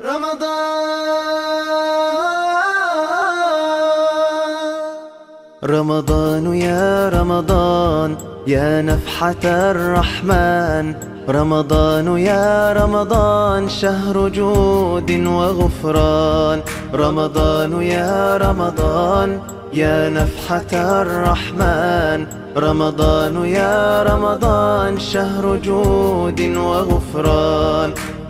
رمضان رمضان يا رمضان يا نفحة الرحمن رمضان يا رمضان شهر جود وغفران رمضان يا رمضان يا نفحة الرحمن رمضان يا رمضان شهر جود وغفران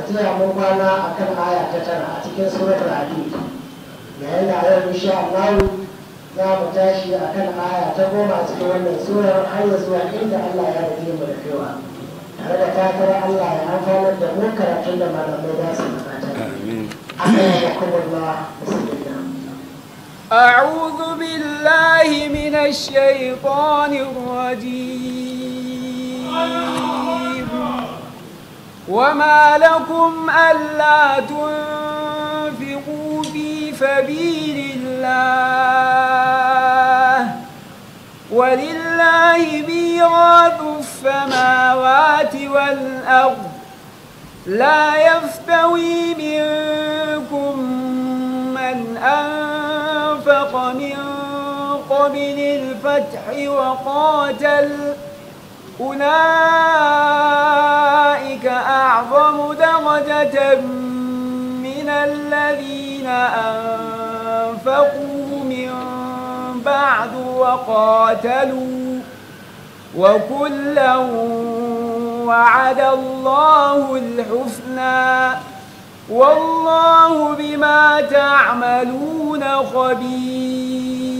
a tuna mun kwana a kan aya ta tara a cikin suratul hadid yayin da yau insha Allah za mu tashi a kan aya ta goma cikin wannan surar har ya zuwa inda Allah ya rage mu da kaiwa tare da fatar Allah ya amfanar da mu karatun da malamai za su gabatar. Amin. Allah أعوذ بالله من الشيطان الرجيم وما لكم ألا تنفقوا في سبيل الله ولله ميراث السماوات والأرض لا يستوي منكم من أنفق من قبل الفتح وقاتل أولئك أعظم درجة من الذين أنفقوا من بعد وقاتلوا وكلا وعد الله الحسنى والله بما تعملون خبير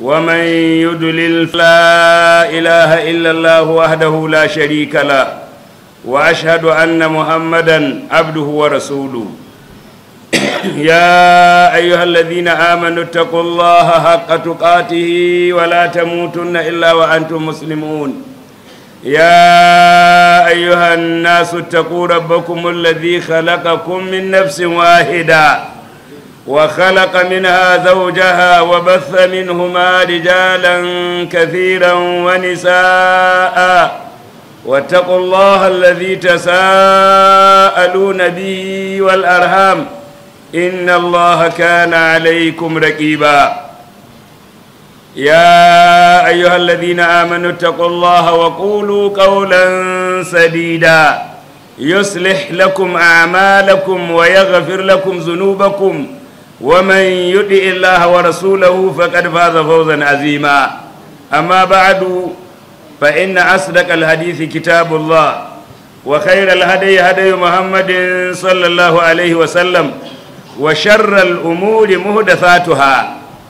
ومن يدلل فلا إله إلا الله وحده لا شريك له وأشهد أن محمدا عبده ورسوله يا أيها الذين آمنوا اتقوا الله حق تقاته ولا تموتن إلا وأنتم مسلمون يا أيها الناس اتقوا ربكم الذي خلقكم من نفس واحده وخلق منها زوجها وبث منهما رجالا كثيرا ونساء واتقوا الله الذي تساءلون به والأرهام إن الله كان عليكم رقيبا يا أيها الذين آمنوا اتقوا الله وقولوا قولا سديدا يصلح لكم أعمالكم ويغفر لكم ذنوبكم ومن يطع الله ورسوله فقد فاز فوزا عظيما أما بعد فإن أصدق الحديث كتاب الله وخير الهدي هدي محمد صلى الله عليه وسلم وشر الأمور مهدثاتها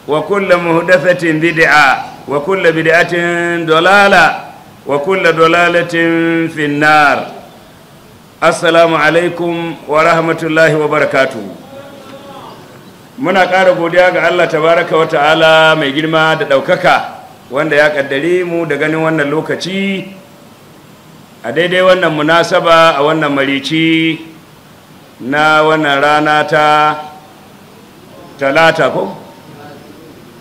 وكل مهدثة بدعة وكل بدعة ضلالة وكل ضلالة في النار السلام عليكم ورحمة الله وبركاته muna ƙara godiya ga Allah tabaraka Wata'ala mai girma da ɗaukaka wanda ya ƙaddare mu da ganin wannan lokaci a daidai wannan munasaba a wannan marici na wannan rana ta talata ko?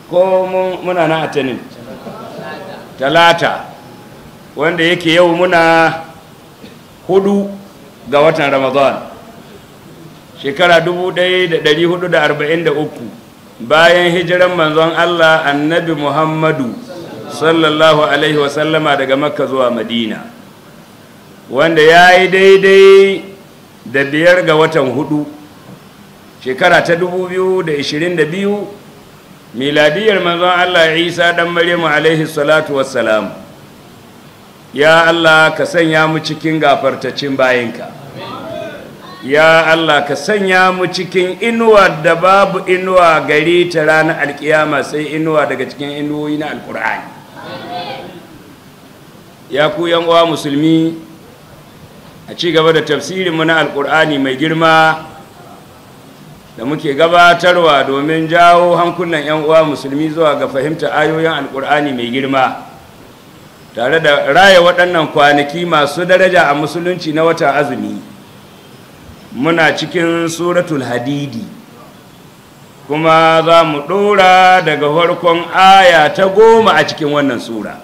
ko muna na atanin talata wanda yake yau muna hudu ga watan ramadan shekara 1443 bayan hijiran manzon Allah annabi Muhammadu sallallahu alaihi wasallama daga makka zuwa madina wanda ya yi daidai da biyar ga watan hudu shekara ta 2022 miladiyar manzon Allah Isa dan Maryamu alaihi salatu wassalam ya Allah ka sanya mu cikin gafartacin bayinka ya Allah ka sanya mu cikin inuwa da babu inuwa gari ta ranar alkiyama sai inuwa daga cikin inuwoyi na alkur'ani ya ku uwa musulmi a ci gaba da tafsirinmu na alkur'ani mai girma da muke gabatarwa domin jawo hankunan 'yan uwa musulmi zuwa ga fahimta ayoyin alkur'ani mai girma tare da raya waɗannan kwanaki masu daraja a musulunci na watan azumi muna cikin suratul hadidi kuma za mu ɗora daga farkon aya ta goma a cikin wannan sura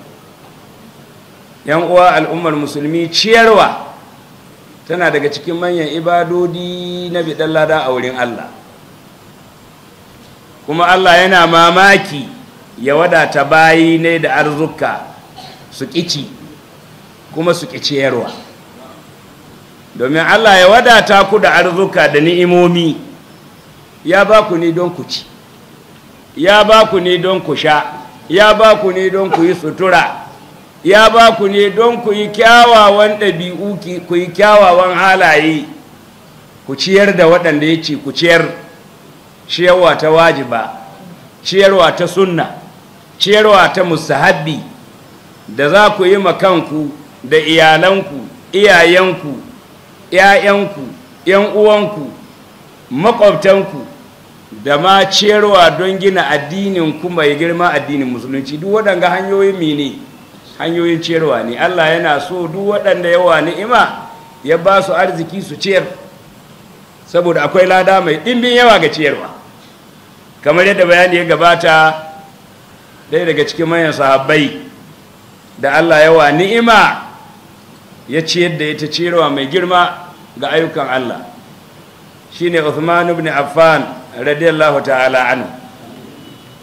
yan uwa al'ummar musulmi ciyarwa tana daga cikin manyan ibadodi na biɗan lada a wurin allah kuma allah yana mamaki ya wadata bayi ne da arzuka su ƙici kuma su ciyarwa. domin Allah ya wadata ku da arzuka da ni'imomi ya ba ku ne don ku ci ya ba ku ne don ku sha ya ba ku ne don ku yi sutura ya ba ku ne don ku yi kyawawan ɗabi'u ku yi kyawawan halaye ku ciyar da waɗanda ya ce ku ciyar ciyarwa ta wajiba ciyarwa ta sunna ciyarwa ta musahabbi da za ku yi makanku da iyalanku iyayenku ‘ya'yanku, ‘yan uwanku, makwabtanku da ma ciyarwa don gina addininku mai girma addinin musulunci duk waɗanga hanyoyin mi ne hanyoyin ciyarwa ne Allah yana so duk waɗanda yawa ni'ima ya ba su arziki su ciyar saboda akwai lada mai ɗimbin yawa ga ciyarwa kamar yadda bayani ya gabata ɗaya daga cikin manyan sahabbai da Allah yawa ni'ima ya ciyar da ita cirowa mai girma ga ayyukan Allah Shi ne Uthman ibn Affan radiyallahu ta'ala Anu.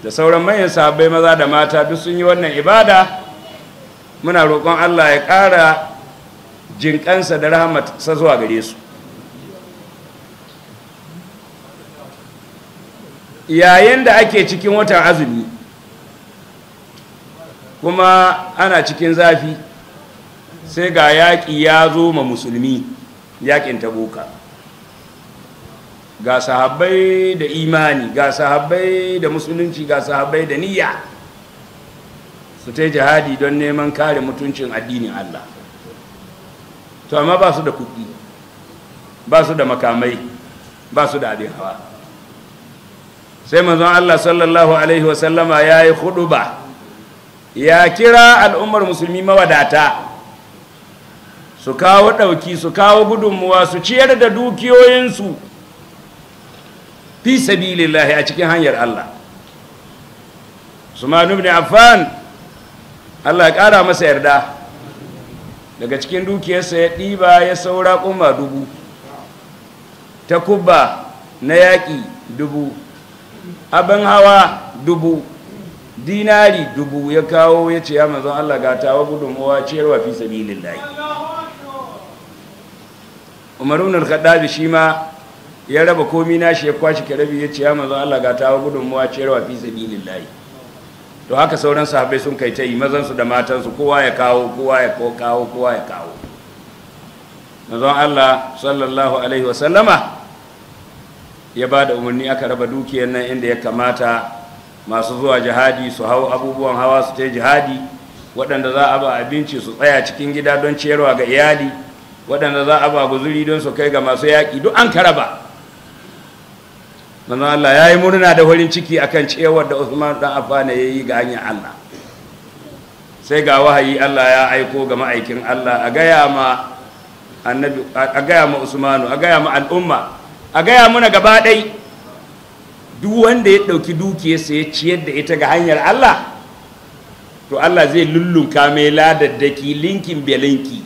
da sauran manyan sahabbai maza da mata duk sun yi wannan ibada muna roƙon Allah ya ƙara jinƙansa da rahmatsa zuwa gare su yayin da ake cikin watan azumi kuma ana cikin zafi sai ga yaƙi ya zo ma musulmi yaƙin boka ga sahabbai da imani ga sahabbai da musulunci ga sahabbai da niyya su ta jihadi don neman kare mutuncin addinin Allah to amma ba su da kuɗi ba su da makamai ba su da abin hawa sai manzon Allah sallallahu alaihi wasallama ya yi huɗu ba ya kira al'ummar musulmi mawadata su kawo ɗauki su kawo gudunmuwa su ciyar da dukiyoyinsu fi sabilillahi a cikin hanyar Allah Usman ibn Affan Allah ya ƙara masa yarda daga cikin dukiyarsa ya ɗiba ya saura kuma dubu ta kubba na yaƙi dubu abin hawa dubu dinari dubu ya kawo ya ce ya mazan Allah ga tawa gudunmuwa ciyarwa fi sabilillahi umar ibn al shi ma ya raba komi na shi ya kwashi karabi ya ce ya manzo Allah ga tawa gudunmuwa ce rawa fi sabilillahi to haka sauran sahabai sun kai ta yi mazansu su da matan su kowa ya kawo kowa ya kawo kowa ya kawo mazan Allah sallallahu alaihi wa sallama ya ba da umarni aka raba dukiyar nan inda ya kamata masu zuwa jihadi su hau abubuwan hawa su ta jihadi waɗanda za a ba abinci su tsaya cikin gida don ciyarwa ga iyali waɗanda za a ba guzuri don su kai ga masu yaƙi duk an karaba manzan Allah ya yi murna da farin ciki akan cewar da Usman ɗan afana ya yi ga hanyar Allah sai ga wahayi Allah ya aiko ga ma'aikin Allah a gaya ma annabi a gaya ma Usmanu a gaya ma al'umma a gaya muna gaba ɗai duk wanda ya ɗauki dukiyarsa ya ciyar da ita ga hanyar Allah to Allah zai lullunka mai ladaddaki linkin belinki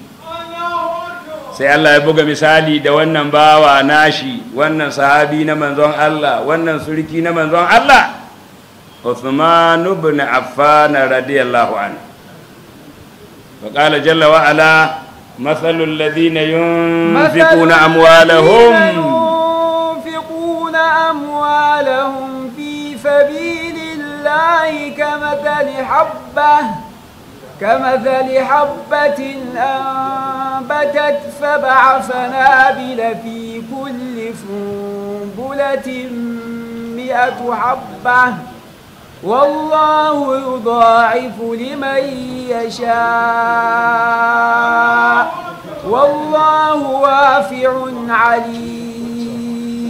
sai Allah ya buga misali da wannan bawa nashi wannan sahabi na manzon Allah wannan surki na manzon Allah Uthman ibn Affan radiyallahu anhu وقال جل وعلا مثل الذين ينفقون أموالهم ينفقون أموالهم في سبيل الله كمثل حبه كمثل حبة أنبتت سبع سنابل في كل سنبلة مئة حبة والله يضاعف لمن يشاء والله وافع عليم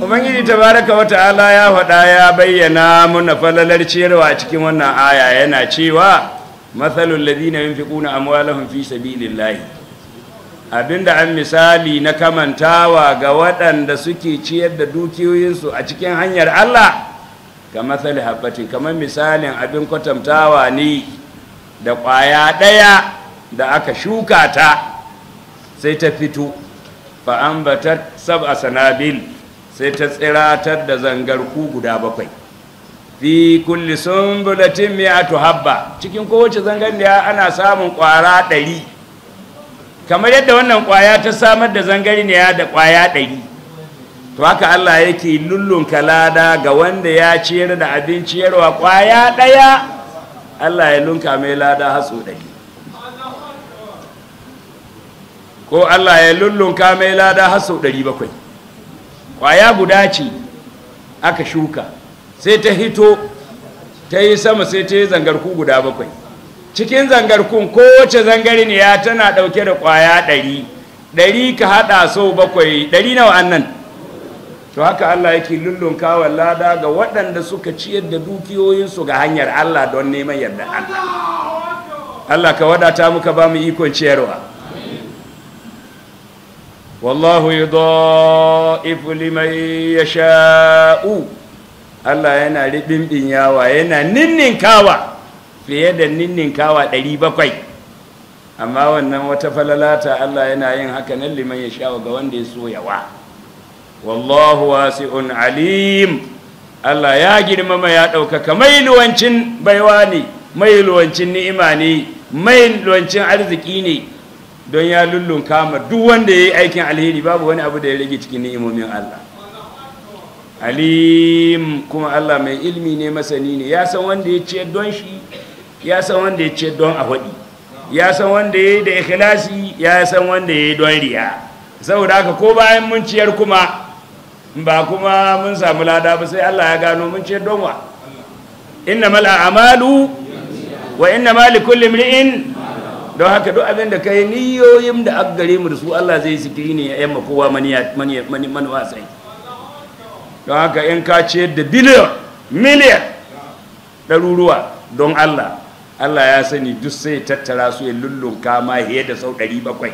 Ubangiji tabaraka wa ta'ala ya faɗa ya bayyana muna falalar ciyarwa cikin wannan aya yana cewa mathalul ladina ƙuna amwalahun fi sabilillahi abinda an misali na kamantawa ga waɗanda suke ciyar da dukiyoyinsu a cikin hanyar Allah ga matsalin kamar misalin abin kwatantawa ne da ƙwaya ɗaya da aka shuka ta sai ta fito ba sab a sanabil sai ta tsiratar da zangarku guda bakwai fi kulli sumbulatin mi'atu habba cikin kowace zangarniya ana samun kwara ɗari kamar yadda wannan kwaya ta samar da zangarniya da kwaya ɗari to haka Allah yake lullun kalada ga wanda ya ciyar da abinci yarwa kwaya ɗaya Allah ya lunka mai lada hatsu ɗari ko Allah ya lullunka mai lada hatsu ɗari bakwai kwaya guda ce aka shuka sai ta hito ta yi sama sai ta yi zangarku guda bakwai cikin zangarkun kowace zangare ne ya tana ɗauke da kwaya ɗari ɗari ka haɗa sau bakwai ɗari nawa wa'annan to haka Allah yake lullun kawon lada ga waɗanda suka ciyar da dukiyoyinsu ga hanyar Allah don neman yarda Allah Allah ka wadata muka ba mu ikon ciyarwa wallahu yudha'ifu liman yasha'u Allah yana riɓin yawa yana kawa fiye da kawa ɗari bakwai amma wannan wata falalata Allah yana yin haka nan liman ya sha ga wanda ya soyawa wallahu wasi'un alim Allah ya girmama ya ɗaukaka mai luwancin baiwa ne mai luwancin ni'ima ne mai luwancin arziki ne don ya lullun kama duk wanda ya yi aikin alheri babu wani abu da ya rage cikin ni'imomin Allah alim kuma Allah mai ilmi ne masani ne ya san wanda ya ce don shi ya san wanda ya ce don a hudi ya san wanda ya yi da ikhlasi ya san wanda ya yi don riya saboda haka ko bayan mun ciyar kuma ba kuma mun samu lada ba sai Allah ya gano mun ciyar don wa innamal a'malu wa mali kulli imri'in don haka duk abin da kai niyoyin da aka gare mu da su Allah zai sikiri ne ya yamma kowa mani mani mani wasai don haka in ka ciyar da biliyan miliyan ɗaruruwa don Allah Allah ya sani duk sai tattara su ya lullun kama fiye da sau ɗari bakwai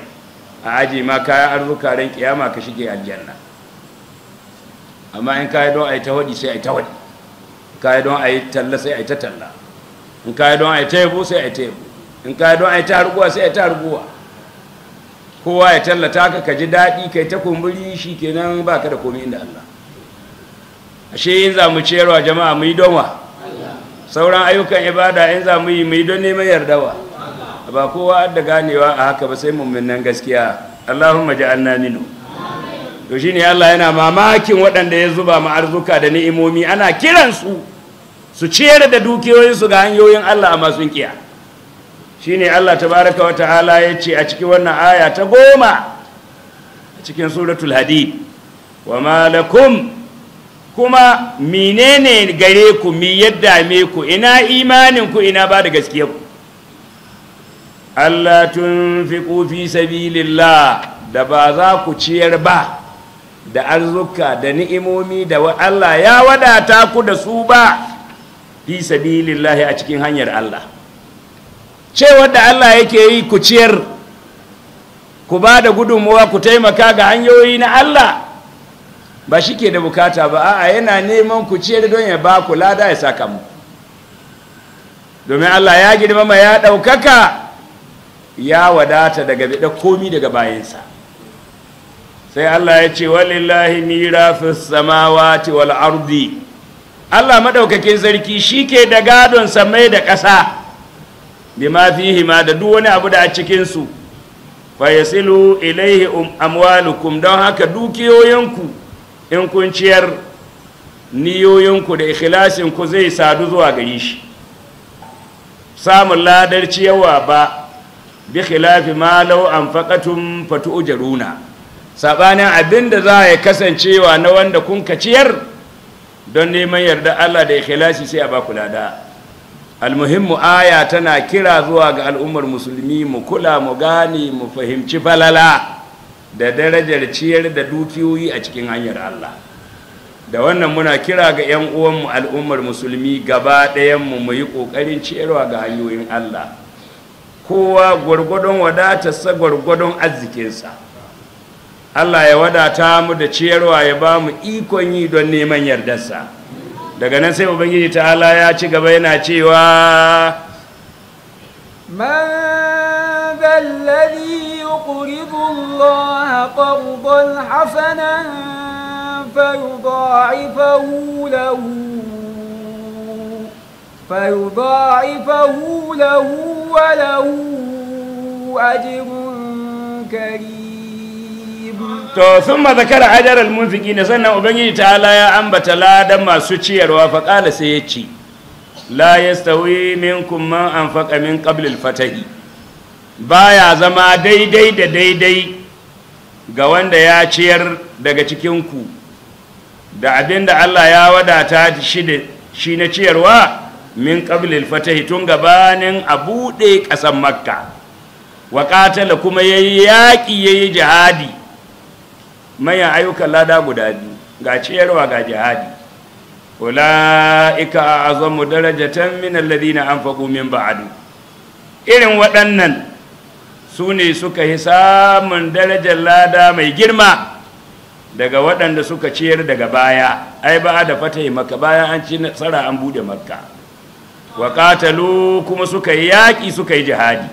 a aji ma kayan arzuka ran kiyama ka shige aljanna amma in kayi don a yi ta sai a yi ta waɗi don a yi talla sai a yi ta talla in kayi don a yi taibu sai a yi taibu in kayi don a yi ta harguwa sai a yi ta harguwa kowa ya tallata ka ka ji daɗi kai ta kumburi shi kenan ba ka da komi inda Allah ashe yin za mu ciyarwa jama'a mu yi donwa sauran ayyukan ibada in za mu yi mu yi don neman yardawa ba kowa da ganewa a haka ba sai mummunan gaskiya Allahumma ja'alna minhu to shine Allah yana mamakin waɗanda ya zuba mu arzuka da ni'imomi ana kiran su su ciyar da dukiyoyin su ga hanyoyin Allah amma sun kiya shine Allah tabaraka wa ta'ala ce a cikin wannan aya ta goma a cikin suratul hadid wa lakum kuma menene gare ku mi yadda me ku ina imanin ku ina ba da gaskiya ku Allah tunfiqu fi sabilillah da ba za ku ciyar ba da arzuka da ni'imomi da Allah ya wadata ku da su ba fi sabilillah a cikin hanyar Allah cewar da Allah yake yi ku ciyar ku ba da gudunmuwa ku taimaka ga hanyoyi na Allah ba shi ke da bukata ba a'a yana neman ku ciyar don ya ba ku lada ya saka mu domin Allah ya girma ma ya ɗaukaka ya wadata daga biɗa komi daga bayansa sai Allah ya ce walillahi mirafis samawati wal ardi Allah maɗaukakin sarki shi ke da gadon samai da ƙasa bima fihi ma da duk wani abu da a cikinsu fa yasilu ilaihi amwalukum don haka dukiyoyinku in kun ciyar niyoyinku da ikhlasinku zai sadu zuwa gari shi samun ladar ciyawa ba bi khilafi ma law anfaqatum fatu'jaruna sabanin abinda za ya kasancewa na wanda kun ka ciyar don neman yarda Allah da ikhlasi sai a ba ku lada almuhimmu aya tana kira zuwa ga al'ummar musulmi mu kula mu gane mu fahimci falala da darajar ciyar da dukiyoyi a cikin hanyar Allah da wannan muna kira ga 'yan uwanmu al'ummar musulmi gaba ɗayanmu mu yi ƙoƙarin ciyarwa ga hanyoyin Allah kowa gwargwadon sa gwargwadon arzikinsa Allah ya wadata mu da ciyarwa ya ba mu ikon yi don neman yardarsa daga nan sai ubangiji ta'ala ya ci gaba yana cewa man يقرضوا الله قرضا حسنا فيضاعفه له فيضاعفه له وله أجر كريم to sun ma zakara ajar almunfiki ne sannan ubangiji ta'ala ya ambata ladan masu ciyarwa faƙala sai ya ce la yastawi kuma man anfaqa min qabl fatahi baya zama daidai da daidai ga wanda ya ciyar daga cikinku da abin da Allah ya wadata shi na ciyarwa min ƙablil fatahi tun gabanin a buɗe ƙasan makka wa ƙatala kuma ya yi yaƙi ya yi jihadi manyan ayyukan lada guda biyu ga ciyarwa ga jihadi ula'ika a azamu darajatan min alladhina anfaqu min ba'adu. irin waɗannan su ne suka yi samun darajar lada mai girma daga waɗanda suka ciyar daga baya ai ba da fata yi maka bayan an ci nasara an bude makka wa kuma suka yi yaƙi suka yi jihadi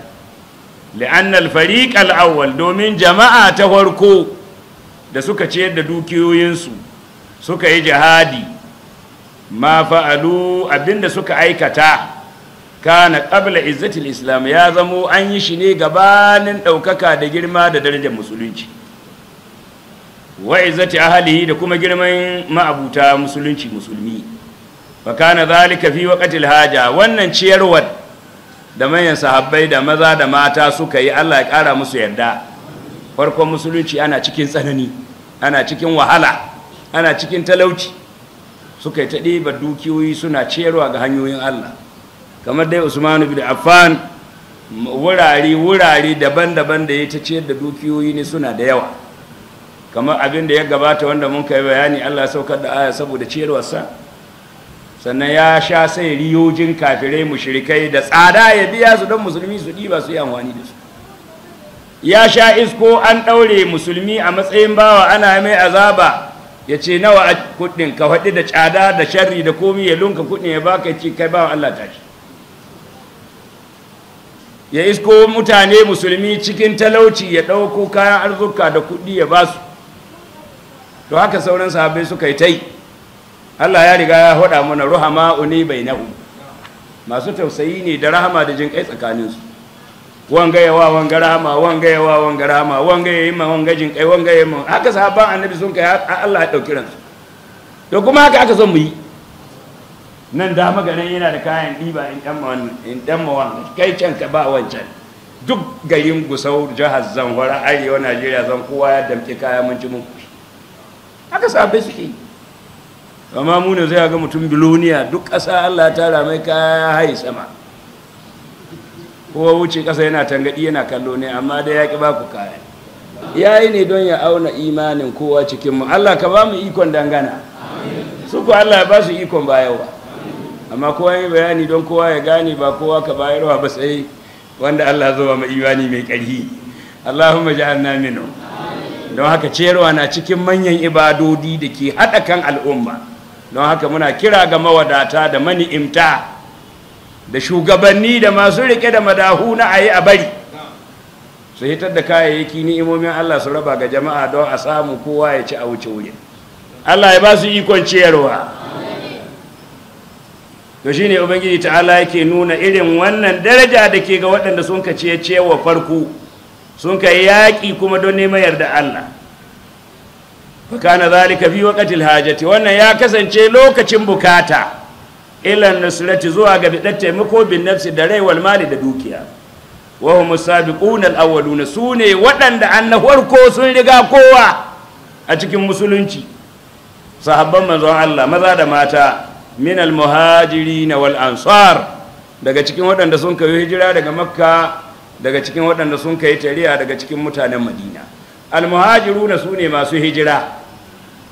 li'annal fariƙar al'awwal domin jama'a ta farko da suka ciyar da dukiyoyinsu suka yi jihadi ma fa'alu abinda suka aikata kana qabla izzatil islam ya zamo an yi shi ne gabanin ɗaukaka da girma da darajar musulunci wa izzati ahlihi da kuma girman ma'abuta musulunci musulmi fa kana zalika fi waqtil haja wannan ciyarwar da manyan sahabbai da maza da mata suka yi Allah ya kara musu yarda farkon musulunci ana cikin tsanani ana cikin wahala ana cikin talauci suka yi ta ɗiba dukiyoyi suna ciyarwa ga hanyoyin Allah kamar dai usman bin affan wurare wurare daban-daban da ya ta ciyar da dukiyoyi ne suna da yawa kamar abin da ya gabata wanda mun kai bayani Allah ya saukar da aya saboda ciyarwarsa sannan ya sha sai riyojin kafirai mushrikai da tsada ya biya su don musulmi su ɗiba su yi amfani da su ya sha isko an ɗaure musulmi a matsayin bawa ana mai azaba ya ce nawa a kuɗin ka faɗi da tsada da sharri da komi ya lunka kuɗin ya baka ce kai bawa Allah tashi ya isko mutane musulmi cikin talauci ya ɗauko kayan arzuka da kuɗi ya ba su to haka sauran sahabbai suka yi ta yi allah ya riga ya haɗa mana ruhama ne bai na'u masu tausayi ne da rahama da jin kai tsakaninsu wanga yawa wanga rahama wanga yawa wanga rahama wanga yayi ma wanga jin kai wanga yayi ma haka sahabban annabi sun kai allah ya ɗauki ransu to kuma haka aka son mu yi nan dama garin yana da kayan ɗiba in ɗanma wannan kai can ka ba wancan duk garin gusau jihar zanwara arewa najeriya zan kowa ya damke kaya mun ci mun haka sabai suke amma muna zai ga mutum biloniya duk ƙasa allah ta mai kaya ya haye sama kowa wuce ƙasa yana tangaɗi yana kallo ne amma dai ya ƙi ba ku kaya ya yi ne don ya auna imanin kowa cikinmu allah ka ba mu ikon dangana su ku allah ya ba su ikon bayawa amma kowa yi bayani don kowa ya gane ba kowa ka bayarwa ba sai wanda Allah zuwa ma imani mai ƙarhi Allahumma ja'alna minhu don haka ciyarwa na cikin manyan ibadodi da ke haɗa kan al'umma don haka muna kira ga mawadata da mani'imta da shugabanni da masu riƙe da madahu na ayi a bari su hitar da kayayyaki ni'imomin Allah su raba ga jama'a don a samu kowa ya ci a wuce wuyan Allah ya ba su ikon ciyarwa to ne ubangiji ta'ala yake nuna irin wannan daraja da ke ga waɗanda sun ka ciye cewa farko sun ka yaƙi kuma don neman yarda Allah fa na zalika fi waƙatil hajati wannan ya kasance lokacin bukata ilan nusrati zuwa ga biɗar taimako bin nafsi da rai wal mali da dukiya wa hum sabiqun al su ne waɗanda na farko sun riga kowa a cikin musulunci sahabban manzon Allah maza da mata min almuhajiri na wal daga cikin waɗanda sun kai hijira daga makka daga cikin waɗanda sun kai tariya daga cikin mutanen madina al-muhajiruna su ne masu hijira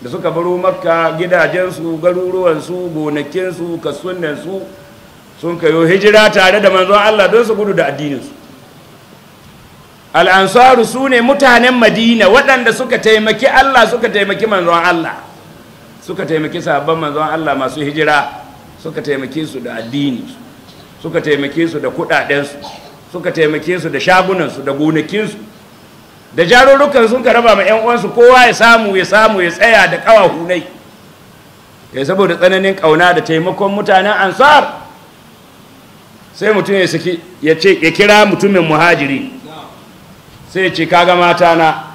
da suka baro makka gidajensu garuruwansu gonakinsu kasuwanninsu sun kayi hijira tare da manzon Allah don su gudu da addininsu al'ansaru su ne mutanen madina waɗanda suka taimaki Allah suka taimaki manzon Allah suka taimaki sahabban manzon Allah masu hijira suka taimake su da addini suka taimake su da kudadensu suka taimake su da shagunansu da gonakinsu da jarurrukan sun raba ma 'yan uwansu kowa ya samu ya samu ya tsaya da ƙawahu nai kai saboda tsananin kauna da taimakon mutanen ansar sai mutum ya saki ya ce ya kira mutumin muhajiri sai ya ce kaga mata na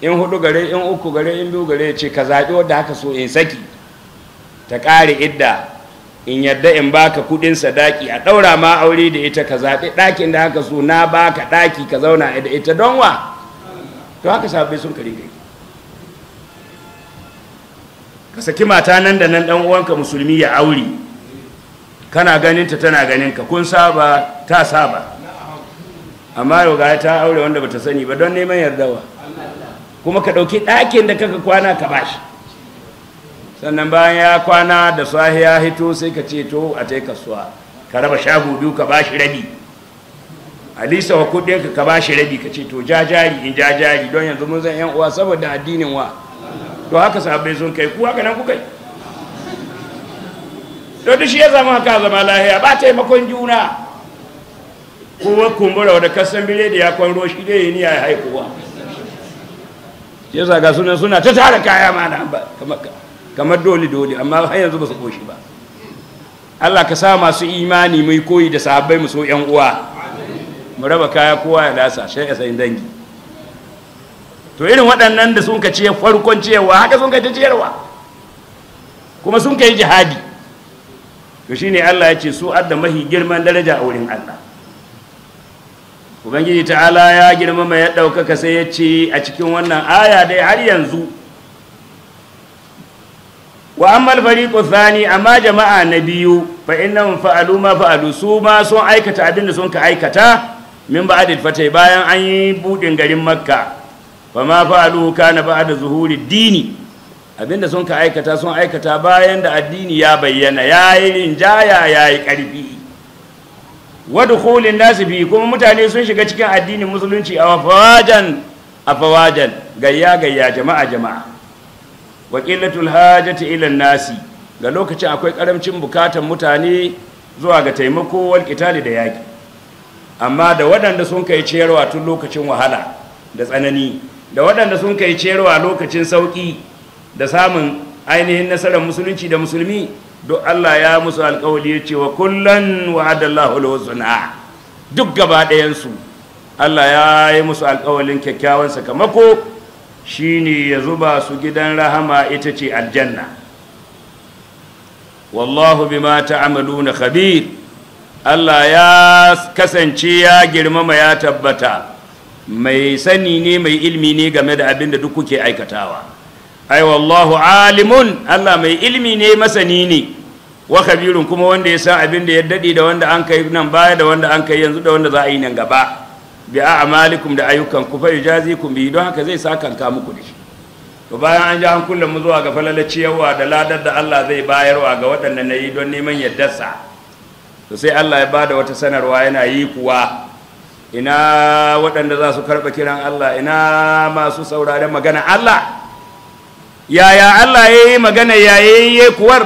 in hudu gare in uku gare in biyu gare ya ce ka zaɓi wadda haka so in saki ta ƙare idda in yadda in baka kudin sadaki a ɗaura ma aure da ita ka zaɓi ɗakin da haka so na baka ɗaki ka zauna da ita don wa to haka sabbi sun kari gari ka saki mata nan da nan ɗan uwanka musulmi ya aure kana ganin ta tana ganin ka kun saba ta saba amma yau ga ta aure wanda bata sani ba don neman yardawa kuma ka ɗauki ɗakin da kaka kwana ka bashi sannan bayan ya kwana da sahi ya hito sai ka ce to a tai kasuwa ka raba shago biyu ka bashi rabi a lisa wa kuɗinka ka bashi rabi ka ce to jajari in jajari don yanzu mun zan yan uwa saboda addinin wa to haka sabai sun kai ku haka nan ku kai to duk shi ya zama haka zama lahiya ba taimakon juna kowa kumbura wadda kasan bire da ya kwan roshi dai ya niya ya haikuwa shi yasa ga sunan suna ta tara kaya ma na kamar dole dole amma har yanzu ba su koshi ba Allah ka sa masu imani mai koyi da sahabbai mu so yan uwa mu raba kaya kowa ya lasa sai ya sayin dangi to irin waɗannan da sun ka ciye farkon ciyarwa haka sun ka ciyarwa kuma sun ka yi jihadi to shine Allah ya ce su adda mahi girman daraja a wurin Allah ubangiji ta'ala ya girma girmama ya ɗaukaka sai ya ce a cikin wannan aya dai har yanzu wa ammal fariqu thani amma jama'a na biyu fa innahum fa'alu ma fa'alu su ma sun aikata abin da sun ka aikata min ba'd fatai bayan an yi budin garin makka fa ma fa'alu kana ba'da zuhuri dini abin da sun ka aikata sun aikata bayan da addini ya bayyana yayi rinjaya yayi karfi wadkhulin nasu kuma mutane sun shiga cikin addinin musulunci a fawajen a fawajen gayya gayya jama'a jama'a wa qillatul hajati nasi ga lokacin akwai karamcin bukatan mutane zuwa ga taimako walƙitali da yaƙi, amma da waɗanda sun kai ciyarwa tun lokacin wahala da tsanani da waɗanda sun kai ciyarwa lokacin sauƙi da samun ainihin nasarar musulunci da musulmi duk Allah ya musu alƙawali ya ce wa kullan wa'adallahu alhusna duk gaba ɗayansu Allah ya yi musu alƙawalin kyakkyawan sakamako shine ya zuba su gidan rahama ita ce aljanna wallahu bima ta'maluna khabir Allah ya kasance ya girmama ya tabbata mai sani ne mai ilmi ne game da abin da duk kuke aikatawa ai wallahu alimun Allah mai ilmi ne masani ne wa khabirun kuma wanda ya san abin da ya dade da wanda an kai nan baya da wanda an kai yanzu da wanda za a yi nan gaba bi a amalikum da ayyukan ku fa yujazikum bi don haka zai saka kanka muku da to bayan an ji an kullum mu zuwa ga yawa da ladar da Allah zai bayarwa ga waɗanda nayi don neman yardarsa to sai Allah ya bada wata sanarwa yana yi kuwa ina waɗanda za su karɓa kiran Allah ina masu sauraren magana Allah yaya Allah ya yi magana yayayye kuwar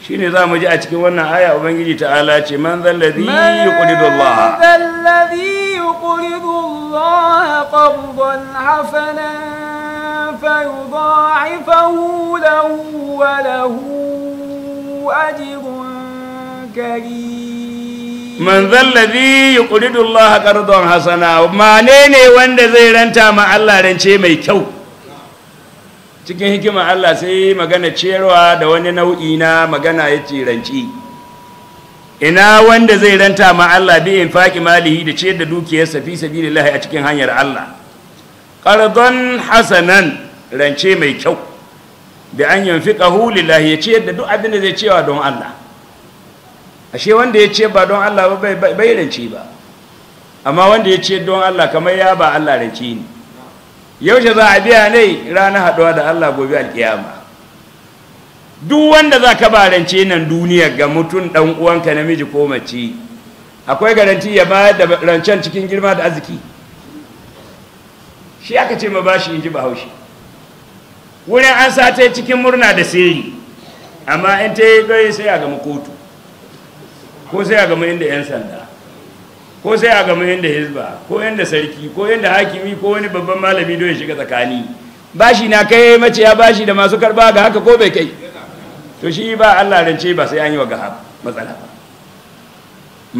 shi ne za mu ji a cikin wannan aya ubangiji ta'ala ce man zalladhi yuqridu Allah man zalladhi yuqridu Allah dullaha hasanan hasana ma ne wanda zai ranta ma Allah rance mai kyau cikin hikima Allah sai magana ciyarwa da wani nau'i na magana ya ce ranci ina wanda zai ranta ma Allah bi in malihi da ciyar da dukiyarsa fi sabilillahi a cikin hanyar Allah ƙarzon hasanan rance mai kyau Da an yunfiqahu lillahi ya ciyar da duk abin da zai cewa don Allah ashe wanda ya ce ba don Allah ba bai rance ba amma wanda ya ce don Allah kamar ya ba Allah rance ne yaushe za a biya ne ranar haɗuwa da Allah gobe alkiyama duk wanda za ka barance nan duniya ga mutum ɗan uwanka namiji ko mace akwai garanti ya bayar da rancen cikin girma da arziki shi aka ce ma bashi in ji bahaushe wurin an sata cikin murna da sirri amma in ta yi sai a gama kotu ko sai a gama inda 'yan sanda ko sai a gama yadda hizba ko yadda sarki ko yadda hakimi ko wani babban malami don ya shiga tsakani bashi na kai mace ya bashi da masu karba ga haka ko bai kai to shi ba Allah rance ba sai an yi wa ga matsala ba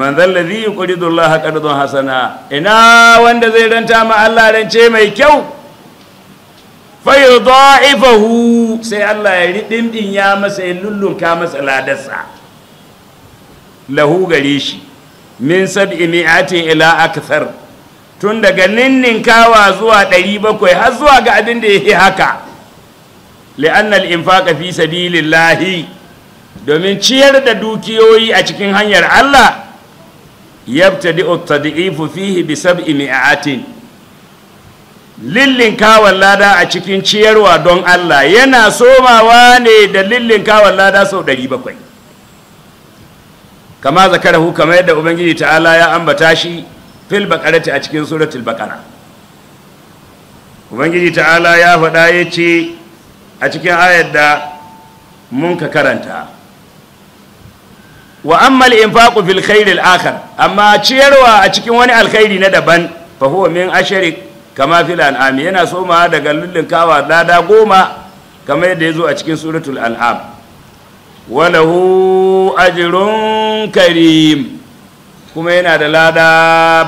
man zallazi yuqridu Allah qardan hasana ina wanda zai ranta ma Allah rance mai kyau fa yudha'ifahu sai Allah ya ridin din ya masa ya lullunka masa ladarsa lahu gare shi min sab'i mi'atin ila akthar tun daga ninninkawa zuwa 700 har zuwa ga abin da yake haka li'anna al-infaqa fi sabilillahi domin ciyar da dukiyoyi a cikin hanyar Allah yabtadi'u at-tad'ifu fihi bi sab'i lillin lillinkawan lada a cikin ciyarwa don Allah yana somawa ne da lillin lillinkawan lada sau 700 kama zakarahu kamar yadda ubangiji ta'ala ya ambata shi fil baqarati a cikin suratul baqara ubangiji ta'ala ya faɗa yace ce a cikin ayar da mun ka karanta wa al infaqu fil al akhar amma ciyarwa a cikin wani alkhairi na daban fa huwa min ashari kama fil an'am yana soma daga lullun kawa lada goma kamar yadda ya zo a cikin suratul an'am walahu ajirun karim kuma yana da lada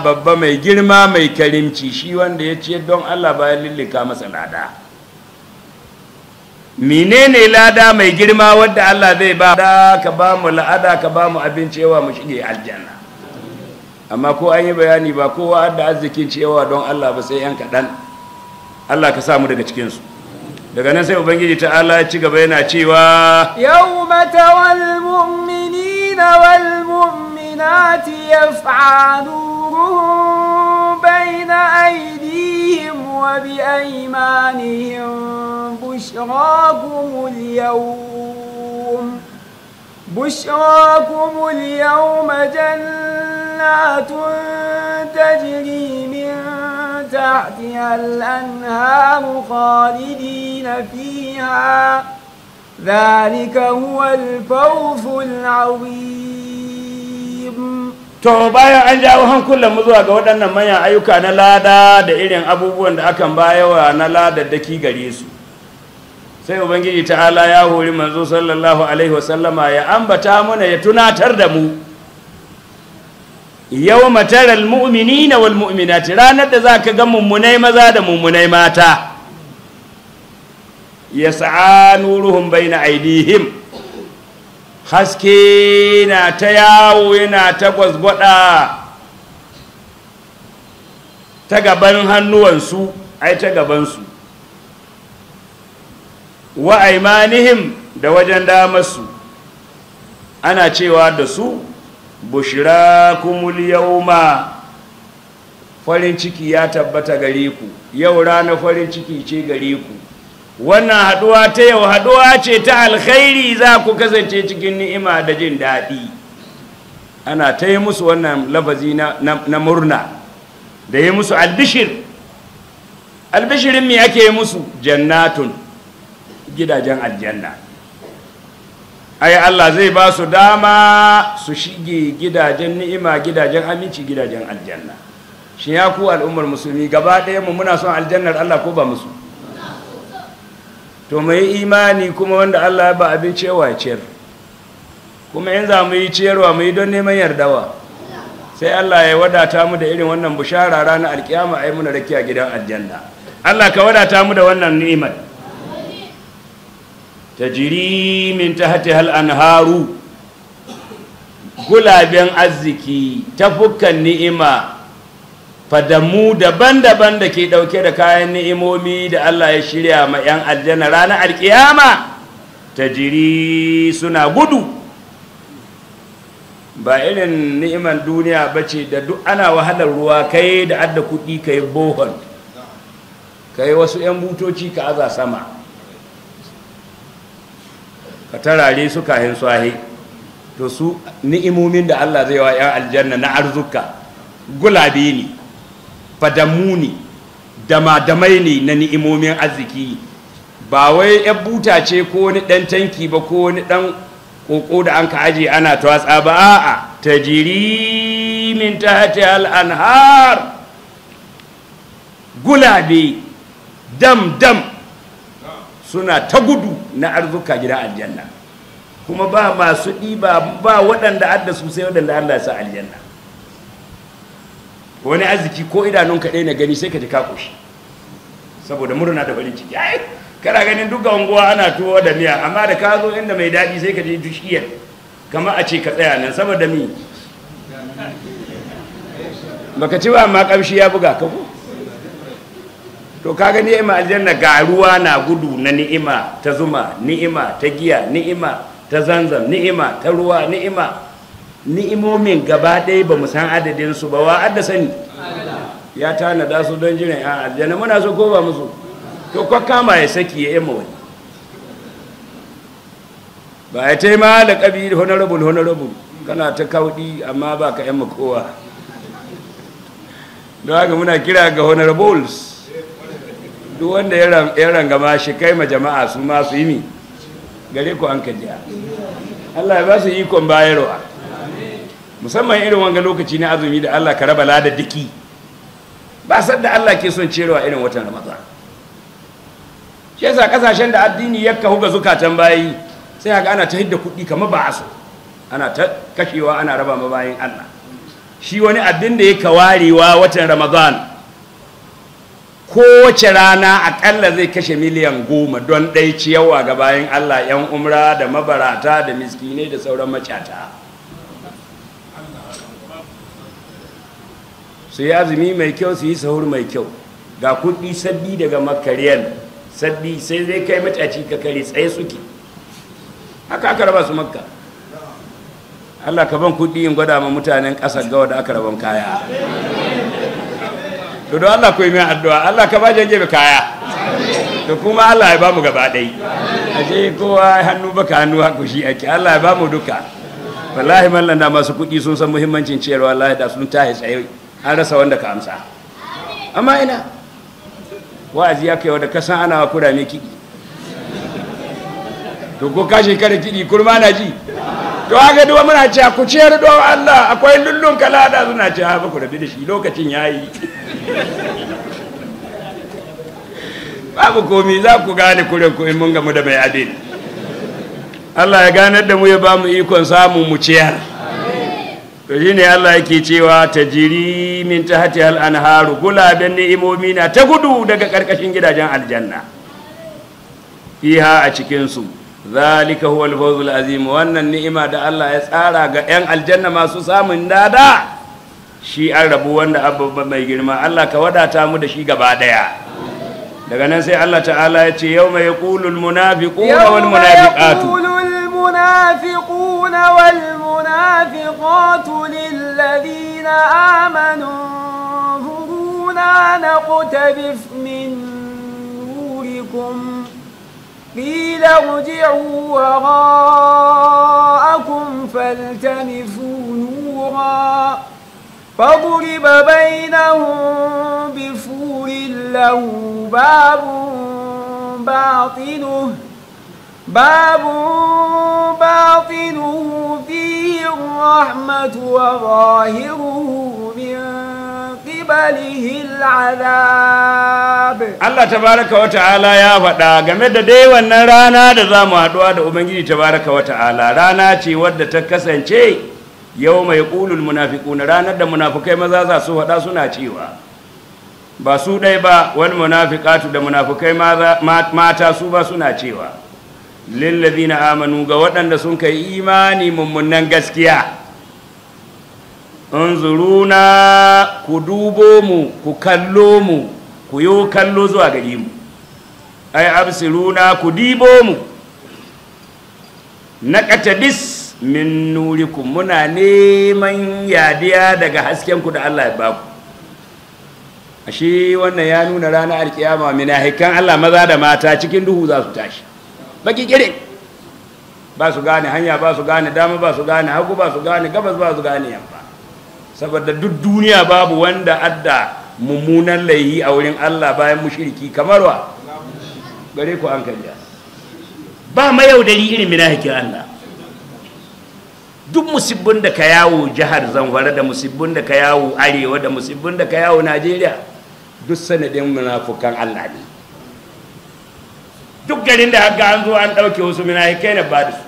babba mai girma mai karimci shi wanda ya ce don Allah ba ya lullika masa lada menene lada mai girma wadda Allah zai ba da ka ba mu la'ada ka ba mu abin mu shige aljanna amma ko an yi bayani ba kowa da arzikin cewa don Allah ba sai yan kaɗan Allah ka samu daga cikinsu daga nan sai ubangiji ta'ala ci gaba yana cewa Yau mata mu'minina wal ya yaf'aluhum bayna aydihim wa bi aymanihim bushrakum yawm بشراكم اليوم جنات تجري من تحتها الأنهار خالدين فيها ذلك هو الفوز العظيم to bayan an jawo hankulan mu zuwa ga waɗannan manyan ayyuka na lada da irin abubuwan da akan bayawa na lada da ladaddaki gare su sai ubangiji ta'ala ya hori manzo sallallahu alaihi wasallama ya ambata mana ya tunatar da mu yau mataral mu'mini na wal ranar da za ka ga mummunai maza da mummunai mata ya sa'a nuruhun bai na aidihim haske na ta yawo yana ta gwazgwada ta gaban hannuwansu ai ta gabansu wa aimanihim da wajen damarsu ana cewa da su bushira yawma farin ciki ya tabbata gare ku yau ranar farin ciki ce gare ku wannan haduwa ta yau haduwa ce ta alkhairi za ku kasance cikin ni'ima da jin daɗi ana ta yi musu wannan lafazi na murna da yi musu albishir albishirin me ake yi musu jannatun gidajen aljanna ai Allah zai ba su dama su shige gidajen ni'ima gidajen aminci gidajen aljanna shi ya ku al'ummar musulmi gaba ɗaya mu muna son aljannar Allah ko ba musu to mu yi imani kuma wanda Allah ya ba abin cewa ciyar kuma in za mu yi ciyarwa mu yi don neman yardawa sai Allah ya wadata mu da irin wannan bushara ranar alkiyama ai muna rakiya gidan aljanna Allah ka wadata mu da wannan ni'imar tajiri min tahtiha al-anharu gulaben arziki ta fukkan ni'ima fadamu daban-daban da ke dauke da kayan ni'imomi da Allah ya shirya ma 'yan aljanna ranar alkiyama tajiri suna gudu ba irin ni'iman duniya bace da duk ana wahalar ruwa kai da adda kudi kai bohon kai wasu 'yan butoci ka aza sama ka tarare su kahin swahi to su ni'imomin da Allah zai wa 'yan aljanna na arzuka gulabe ne fadamu ne dama ne na ni'imomin arziki ba wai ya buta ce ko wani ɗan tanki ba ko wani ɗan ƙoƙo da an ka aje ana tawatsa ba a'a ta jiri min ta hati al'anhar gulabe dam-dam suna ta gudu na arzuka gida aljanna kuma ba masu ɗiba ba waɗanda adda su sai waɗanda Allah ya sa aljanna wani arziki ko idanun ka ɗaya na gani sai ka ji ka shi saboda murna da farin ciki ai kana ganin duk unguwa ana tuwo da miya amma da ka zo inda mai daɗi sai ka ji dushiyar kamar a ce ka tsaya nan saboda mi baka ci ba amma ƙamshi ya buga ka ko to kaga ni'ima aljanna ga ruwa na gudu na ni'ima ta zuma ni'ima ta giya ni'ima ta zanzam ni'ima ta ruwa ni'ima ni'imomin gaba ɗaya ba mu san adadin su ba wa adda sani ya tanada su don jiran a aljanna muna so ko ba musu to kwa kama ya saki ya yi wani ba ya taima da ƙabi honorable honorable kana ta kaudi amma ba ka yamma kowa don haka muna kira ga honorables duk wanda ya rangama shi kai ma jama'a su masu yi ne gare ku an jiya. Allah ya ba su ikon bayarwa musamman irin wanga lokaci na azumi da Allah ka raba lada diki ba san da Allah ke son cerewa irin watan ramadan shi yasa kasashen da addini ya kahu ga zukatan bayi sai haka ana ta hidda kuɗi kamar ba a so ana ta kashewa ana raba ma bayin Allah shi wani abin da ya kawarewa watan ramadan kowace rana akalla zai kashe miliyan goma don ɗai ciyawa ga bayan Allah yan umra da mabarata da miskinai da sauran macata su yi azumi mai kyau su yi sahur mai kyau ga kuɗi sabbi daga makariyan, sabbi sai zai kai mataci ka kare tsaye suke haka aka raba su makka Allah ka ban kuɗi in gwada ma mutanen ƙasar gawa da aka raban kaya to don Allah ku yi min addu'a Allah ka baje gebe kaya to kuma Allah ya mu gaba ɗai ce kowa hannu baka hannu haku shi ake Allah ya mu duka wallahi mallan da masu kuɗi sun san muhimmancin ciyarwa wallahi da sun tahi tsaye an rasa wanda ka amsa amma ina wa'azi ya kai wanda kasan ana wa kurame kiɗi to ko ka shekara kiɗi kurma na ji to haka duwa muna cewa ku ciyar do Allah akwai lullun da suna cewa ba ku rabi da shi lokacin yayi babu komi za ku gane kure ku in mun gamu da mai abin Allah ya ganar da mu ya ba mu ikon samun mu ciyar to ne Allah yake cewa jiri min tahti al anharu gulaben ni'imomi na ta gudu daga ƙarƙashin gidajen aljanna fiha a cikinsu zalika huwa al azim wannan ni'ima da Allah ya tsara ga yan aljanna masu samun dada shi an rabu wanda abubba mai girma Allah ka wadata mu da shi gaba daya daga nan sai Allah ta'ala ya ce yau mai yaqulul munafiquna wal munafiqatu yaqulul munafiquna wal munafiqatu lil ladina amanu furuna naqtabif min nurikum قيل ارجعوا وراءكم فالتمسوا نورا فضرب بينهم بفور له باب باطنه باب باطنه فيه الرحمة وظاهره Allah tabaraka wa ya faɗa game da dai wannan rana da zamu haɗuwa da Ubangiji tabaraka wa rana ce wadda ta kasance. yau mai ƙulul munafikuna ranar da munafukai maza za su haɗa suna cewa ba su ɗai ba wani munafiƙatu da munafukai mata su ba suna cewa lillazi na amanu ga waɗanda sun kai imani mummunan gaskiya in zuruna ku dubo mu ku kallo mu ku yi kallo zuwa gari mu ai absiruna ku dibo mu na ƙatadis min nurikum muna neman yadiya daga haskenku da Allah ya baku ashe wannan ya nuna ranar alkiyama minahikan Allah maza da mata cikin duhu za su tashi baki kire ba su gane hanya ba su gane dama ba su gane hagu ba su gane gabas ba su gane yamma saboda duk duniya babu wanda adda mummunan laihi a wurin Allah bayan mushriki kamar wa gare ku an kanja ba mayaudari irin minahikin Allah duk musibbin da ka yawo jihar zamfara da musibbin da ka yawo arewa da musibbin da ka yawo najeriya duk sanadin munafukan allah ne duk garin da haka an zo an ɗauke wasu kai na ba su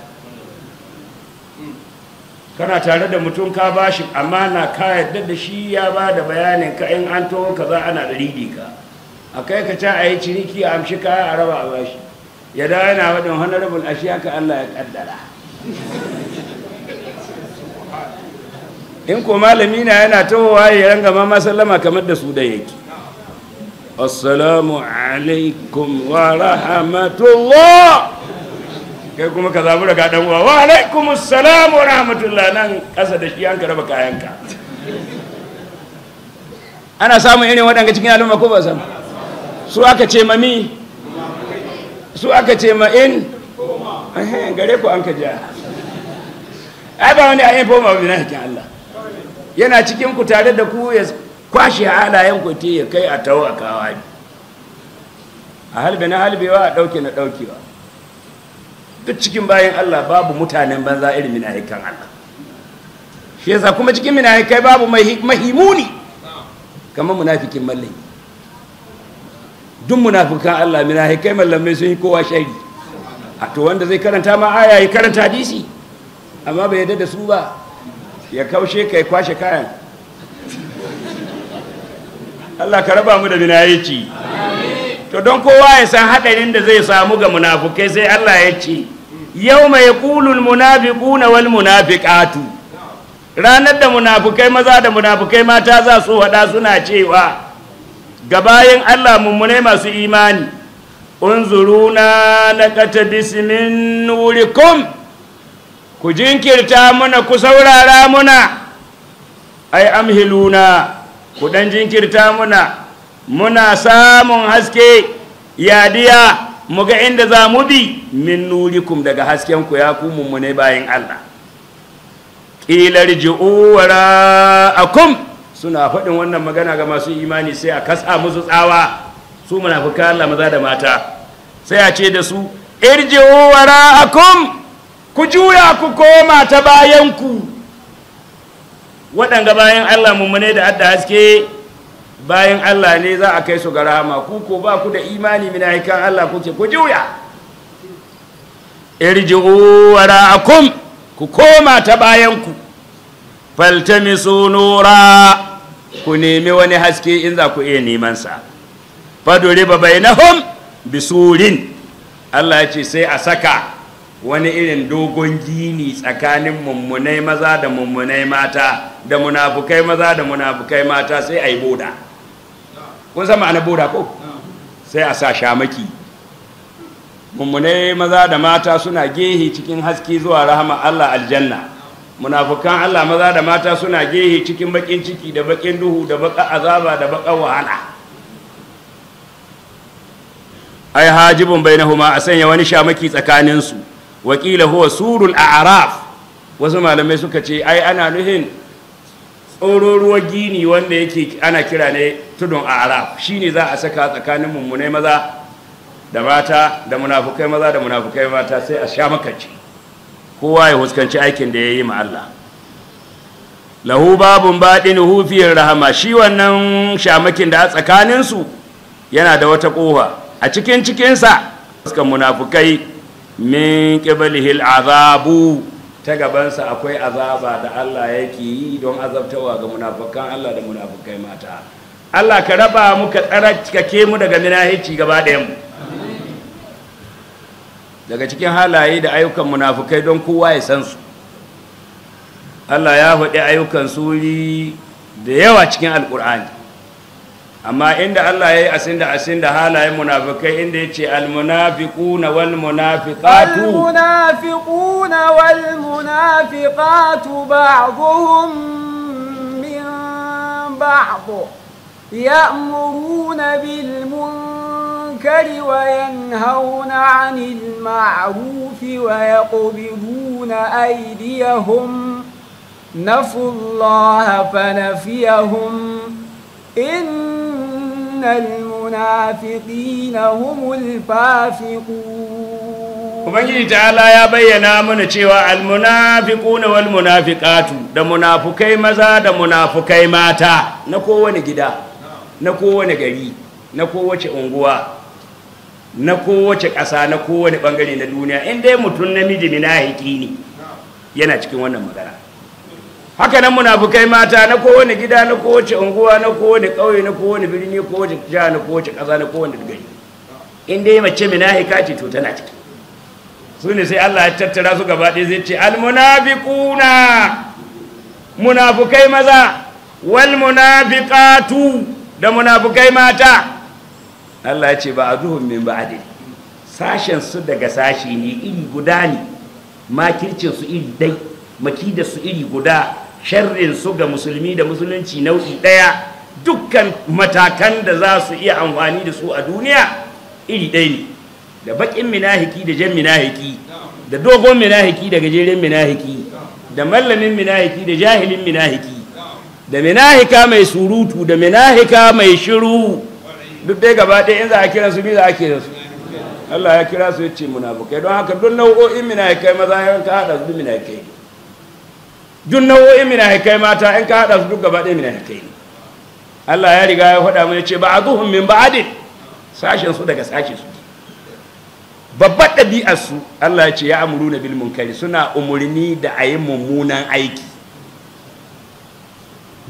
kana tare da mutum ka ba shi amana ka yadda da shi ya ba da bayanin ka in an toho ka za ana ɗariɗi ka a kai ka ca a yi ciniki a amshi kaya a raba a shi ya dawo yana wajen honorable ashiya ka allah ya kaddara in ko malami na yana tawowa ya ranga ma masallama kamar da su da yake assalamu alaikum wa rahmatullah kai kuma ka zabu daga dan uwa wa alaikum assalamu wa rahmatullah nan kasa da shi an ka raba kayanka ana samun irin waɗanda cikin al'umma ko ba samu su aka ce mami su aka ce ma in gare ku an ka ja ai ba wani ayin foma bi na hakin Allah yana cikin ku tare da ku ya kwashe halayen ku te ya kai a tawo a kawari a halbe na halbewa a ɗauke na ɗaukewa duk cikin bayan Allah babu mutanen banza irin haikan Allah shi yasa kuma cikin haikai babu mahimuni kamar munafikin mallai duk munafikan Allah minahikai mallamai sun yi kowa shari a to wanda zai karanta ma aya ya karanta disi.' amma bai yadda da su ba ya kaushe ka yi kwashe kayan Allah ka raba mu da ci. to don kowa ya san haɗarin da zai samu ga munafukai sai Allah ya ce yau mai kulun na wal munafikatu ranar da munafukai maza da munafukai mata za su haɗa suna cewa ga bayan Allah mummunai masu imani unzuruna na kata bisimin wurikun ku jinkirta muna ku saurara muna ai amhiluna ku dan jinkirta muna muna samun haske yadiya mu ga inda za mu bi min nurikum daga haskenku ya ku mummune bayan Allah ƙilar ji'u wara'akum suna faɗin wannan magana ga masu imani sai a kasa musu tsawa su munafuka Allah maza da mata sai a ce da su irji'u wara'akum ku juya ku koma ta bayanku waɗanga bayan allah mummune da adda haske bayan allah ne za a kai su garama, ku ko ba ku da imani mina hikan allah ku ce ku juya irji'u wara'akum ku koma ta bayanku faltamisu nura ku nemi wani haske in za ku iya neman sa. nemansa faduriba bainahum bisurin allah ya ce sai a saka wani irin dogon gini tsakanin mummunai maza da mummunai mata da munafukai maza da munafukai mata sai a yi boda kun sama ana boda ko sai a sa shamaki mummunai maza da mata suna gehe cikin haske zuwa rahama allah aljanna munafukan allah maza da mata suna gehe cikin bakin ciki da bakin duhu da baka azaba da baka wahala ai hajibun bainahuma a sanya wani shamaki tsakaninsu wakila huwa surul a'raf wasu malamai suka ce ai ana nuhin tsororuwa gini wanda yake ana kira ne tudun a'raf shine za a saka tsakanin mummunai maza da mata da munafukai maza da munafukai mata sai a sha makanci kowa ya huskanci aikin da ya yi ma Allah lahu babun baɗin hufiyar rahama shi wannan shamakin da a tsakaninsu yana da wata ƙofa a cikin cikinsa fuskan munafukai min qiblihil azabu ta gabansa akwai azaba da Allah yake yi don azabtawa ga munafukan Allah da munafukai mata Allah ka raba mu ka tsarkake mu daga minahici gaba da mu daga cikin halaye da ayyukan munafukai don kowa ya san su Allah ya faɗi ayyukan suri da yawa cikin alkur'ani amma inda Allah ya yi asin da asin da halayen munafikai inda ya ce na wal munafiqatu almunafiquna wal munafiqatu ba'dhum min ba'd ya'muruna bil munkari wa yanhauna 'anil ma'ruf wa yaqbiduna aydiyahum nafu Allah fanafiyahum إن المنافقين هم الفاسقون Ubangiji ta'ala ya bayyana mana cewa almunafiquna wal munafiqatu da munafukai maza da munafukai mata na kowane gida na kowane gari na kowace unguwa na kowace ƙasa na kowane ɓangare na duniya in dai mutum namiji minahiki ne yana cikin wannan magana haka nan munafukai mata na kowane gida na kowace unguwa na kowane ƙauye na kowane birni kowace jiha na kowace ƙasa na kowane gari in dai mace minahika ce to tana ciki su ne sai Allah ya tattara su gaba ɗaya zai ce almunafikuna munafukai maza wal munafiqatu da munafukai mata Allah ya ce ba a zuhun min ba ba'd sashen su daga sashi ne iri guda ne makircin su iri dai maki da su iri guda sharrin su ga musulmi da musulunci nau'i ɗaya dukkan matakan da za su iya amfani da su a duniya iri ɗaya ne da baƙin minahiki da jan minahiki da dogon minahiki da gajeren minahiki da mallamin minahiki da jahilin minahiki da minahika mai surutu da minahika mai shiru duk dai gaba ɗaya in za a kira su za a kira su Allah ya kira su ya ce munafukai don haka don nau'o'in minahikai maza yawan ka haɗa su minahikai duk nau'o'in munafikai mata in ka hada su duk gaba ɗaya munafikai ne Allah ya riga ya faɗa mu ya ce ba a ba'aduhum min ba ba'adin sashen su daga sashe su babbar ɗabi'ar su Allah ya ce ya amuruna bil munkari suna umurni da a yi mummunan aiki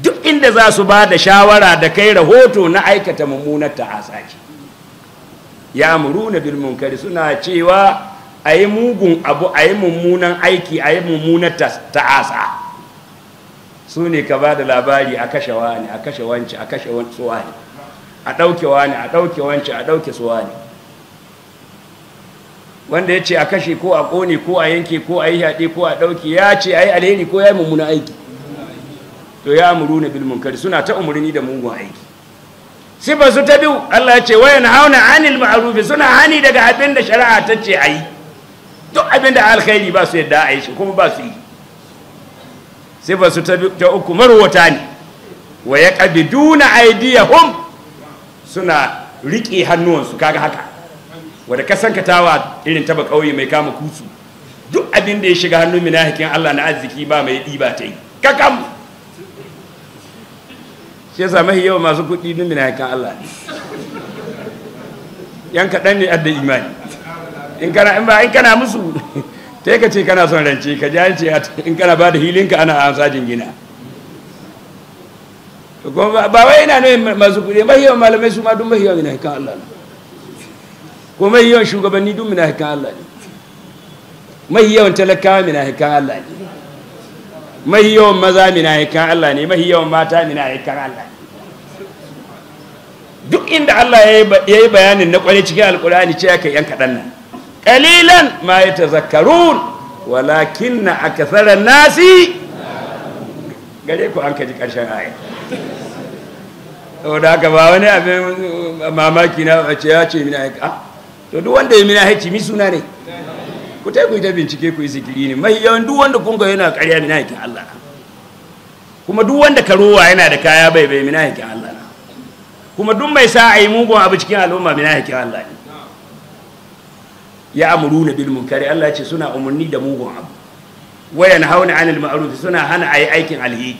duk inda za su ba da shawara da kai rahoto na aikata mummunar ta'asa ce ya amuruna bil munkari suna cewa a yi mugun abu a yi mummunan aiki a yi mummunar ta'asa su ne ka ba da labari a kashe wani a kashe wance a kashe wani a ɗauke wani a ɗauke wance a ɗauke wani wanda ya ce a kashe ko a ƙone ko a yanke ko a yi haɗe ko a ɗauke ya ce a yi alheri ko ya yi mummuna aiki to ya amuru na bilmun kari suna ta umarni da mugun aiki sifar su ta biyu Allah ya ce wayan hauna anil ma'arufi suna hani daga abin da shari'a ta ce a yi duk abin da alkhairi ba su yadda a yi shi kuma ba su yi sifar su ta uku marwata ne wa ya qabiduna aydiyahum suna riƙe hannuwansu kaga haka wanda ka sankatawa irin taba kauye mai kama kusu duk abin da ya shiga hannun hakin Allah na arziki ba mai ɗiba ta yi kakam shi yasa mahi yawa masu kuɗi mina hakin Allah ne yan kaɗan ne adda imani in in kana musu sai ka ce kana son rance ka jahilce in kana ba da hilinka ana amsa jingina gina. ba wai yana nuna masu kuɗi yawan malamai su ma duk mahiyawan yana hikan Allah ne ko yawan shugabanni duk mina hikan Allah ne mahiyawan talakawa mina hikan Allah ne yawan maza mina hikan Allah ne yawan mata mina hikan Allah ne duk inda Allah ya yi bayanin na kwane cikin alkur'ani ce kai yan kaɗan nan qalilan ma yatazakkarun walakinna aktharan nasi gare ku an kaji karshen aya saboda aka ba wani abin mamaki na ce ya ce mina haika to duk wanda ya mina haiki mi suna ne ku ta ku ta bincike ku yi zikiri ne mai yawan duk wanda kun ga yana ƙarya mina haikin Allah kuma duk wanda ka rowa yana da kaya bai bai mina haikin Allah kuma duk mai sa a yi mugun abu cikin al'umma mina haikin Allah ne ya amuru na bil munkari Allah ce suna umurni da mugun abu wa yanhauna anil ma'ruf suna hana ayi aikin alheri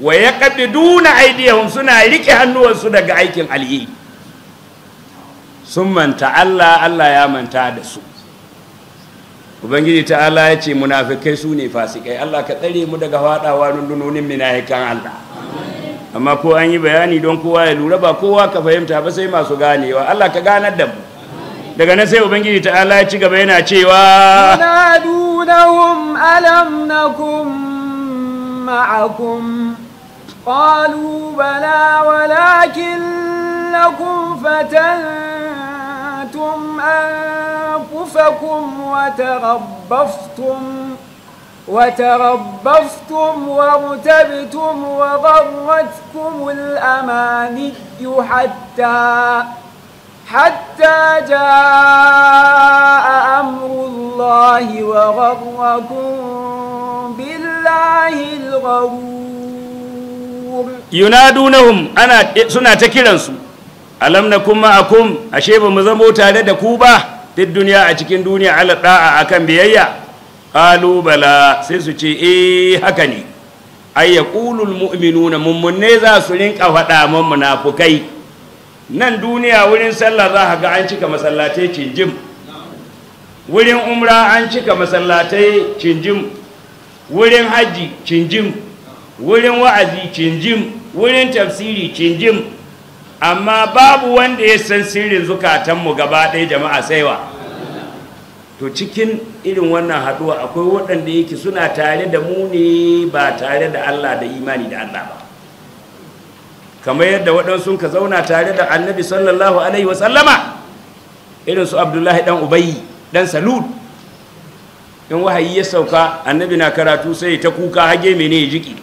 wa yaqbiduna aydiyahum suna rike hannuwansu daga aikin alheri sun manta Allah Allah ya manta da su ubangiji ta'ala ya ce munafikai su ne fasikai Allah ka tsare mu daga faɗawa rundunonin munafikan Allah amma ko an yi bayani don kowa ya lura ba kowa ka fahimta ba sai masu ganewa Allah ka ganar da mu daga na sai ubangiji ta'ala ya ci gaba yana cewa nadunahum alam nakum ma'akum qalu bala walakin lakum fatantum anfusakum wa tarabbaftum وتربصتم وارتبتم وغرتكم الأماني حتى حتى جاء أمر الله وغركم بالله الغرور ينادونهم أنا سنة تكيرنسو ألم نكن معكم أشيب مزمو تارد كوبا في الدنيا أشكين دنيا على الطاعة أكم بيايا قالوا بلا سيسوشي إيه هكني أي يقول المؤمنون ممنزا سلينك أفتا ممنا فكي nan duniya wurin sallah za a ga an cika masallatai cinjim wurin umra an cika masallatai cinjim wurin hajji cinjim wurin wa'azi cinjim wurin tafsiri cinjim amma babu wanda ya san sirrin zukatanmu gaba ɗaya jama'a saiwa to cikin irin wannan haɗuwa akwai waɗanda yake suna tare da mu ne ba tare da allah da imani da allah ba kamar yadda waɗansu ka zauna tare da annabi sallallahu alaihi wasallama irin su abdullahi ɗan ubayi ɗan salud in wahayi ya sauka annabi na karatu sai ta kuka hage mene ya jiki